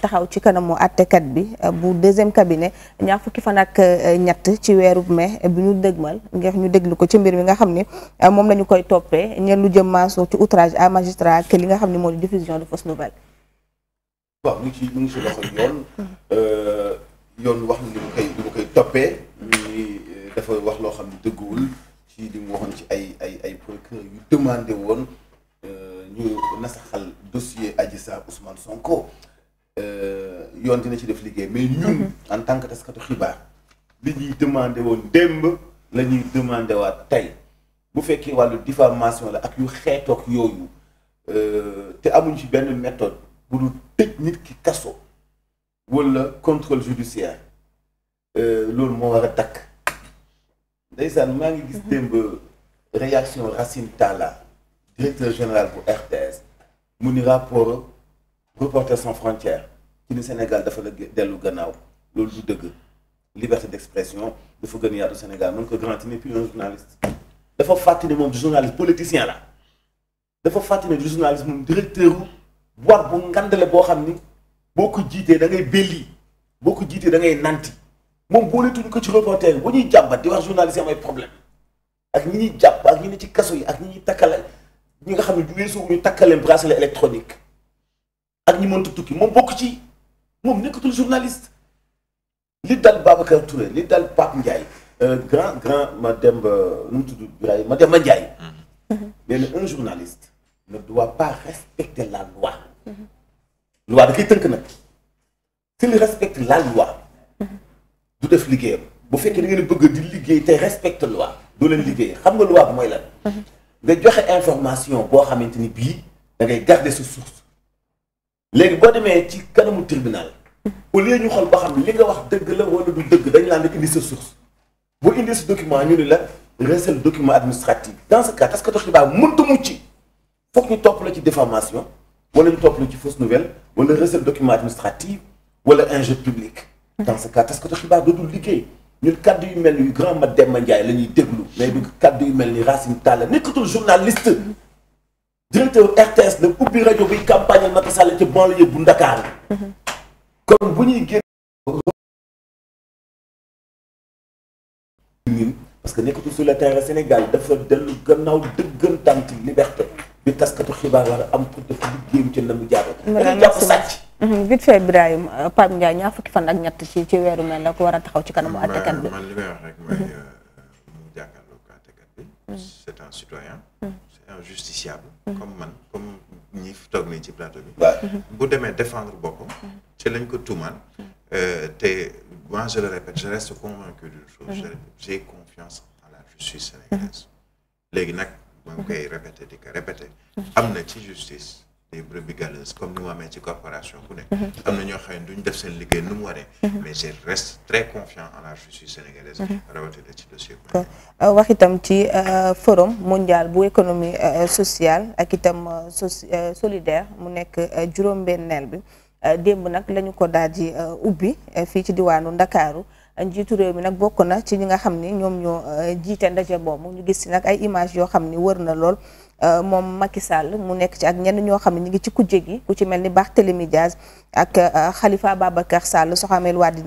taxaw ci kanamu àttekat bi euh, bu deuxième cabinet ñaar fukki fan ak euh, ñett ci weeru mai bi ñu dëgmal ngir ñu déglu ko ci mbir mi nga xam ni euh, moom lañu koy toppee ñeen lu jëm maaso ci outrage à magistrat li nga xam ni moo di diffusion de fausse nouvelle. waaw ngi wax ni dafa wax loo xam dëgguwul ci li mu ci ay ay ay yu demandé woon ñu nasaxal dossier Adji Sarr Ousmane Sonko. Euh, yoon dina ci def liggéey mais ñun mhm. en tant que taskatu xibaar li ñuy demandé woon démb la ñuy demandé waat tey bu fekkee wàllu diffamation la ak yu xeetoog yooyu euh, te amuñ ci benn méthode bu dul tëj nit ki kaso wala contrôle judiciaire euh, loolu moo war a takk ndeysaan maa ngi gis mhm. démb réaction Racine Talla directeur général bu RTS mu ni rapport Reporters sans frontières ci ni Sénégal dafa la dellu gannaaw loolu du dëgg liberté d'expression dafa gën yaatu Sénégal man ko Grand Tine puis un journaliste dafa fàtte ne moom du journaliste politicien la dafa fàtte ne du journaliste moom directeur boîte bu ngandale boo xam ni boo ko jiitee da ngay belli boo ko jiitee da ngay nanti moom booletuñu ko ci reporter yi ñuy jàmbat di wax journaliste am ay problème ak ñi ñuy jàpp ak ñi ni ci kaso yi ak ñi ñuy takkale ñi nga xam ne du weesu ñu takkaleen bracelet ak ñi mënta tukki moom bokk ci moom nekkatul journaliste li dal Babacar Touré li dal Pape Ndiaye euh, grand grand Mademba euh, nu mu tudd Biraye Mademba Ndiaye nee mm-hmm. na un journaliste ne doit pas respecter la loi mm-hmm. loi da koy tënk nag s'il respecte la loi mm-hmm. du def liggéeyam bu fekkee da ngeen bëgg di liggéey te respecte loi doo leen liggéey xam nga loi bi mooy lan nga joxe information boo xamante ni bii da ngay garder sa source léegi boo demee ci kanamu tribunal au lieu ñu xool ba xam li nga wax dëgg la wala du dëgg dañ laa nekk indi sa source bu indi sa document ñu ne la resel le document administratif dans ce cas taskatu xibaar mënta mucc foog ñu topp la ci deformation wala ñu topp la ci fausse nouvelle wala resel document administratif wala injure publique dans ce cas taskatu xibaar dootul liggéey ñun kaddu yu mel ni grand Mademba Ndiaye la ñuy déglu mais du kaddu yu mel ni Racine Talla nekkatul journaliste directeur RTS nag ubbi rajo bi campagne Macky Sall ci banlieue bu Ndakaar kon parce que nekkatul sur le terrain Sénégal dafa dellu gannaaw dëggantaan ci liberté bi taskatu xibaar war am pour def liggéeyam ci na mu jàpp jàpp sàcc mhm, vite fait Ibrahim Pape Ndiaye ñaar fukki fan ak ñett ci ci weeru mel la ko war a taxaw ci kanamu àttekat bi man li may wax rek mooy mhm. euh, mu bi mhm. c'est un citoyen injusticiable comme man comme ñi toog nii ci plateau bi bu demee défendre boppam ci lañ ko tuumaan euh, te moi je le répète je reste convaincu d'une chose j'ai confiance en la justice sénégalaise léegi nag ma koy répété di ko répété am na ci justice waxitam ci corporation mhm. mhm. mhm. euh, euh, forum mondial bu économie euh, sociale ak itam solidaire mu nekk juróom-benneel bi démb nag lañu ko daal di ubbi fii ci diwaanu Ndakaaru njiitu réew mi nag bokk na ci ñi nga xam ni ñoom ñoo jiite ndaje boobu ñu gis si nag ay image yoo xam ni wër na lool Euh, moom Macky Sall mu nekk ci ak ñenn ñoo xam ne ñu ngi ci kujje gi ku ci mel ni Barthélémy Diaz ak euh, Khalifa Babacar Sall Soham El Wardini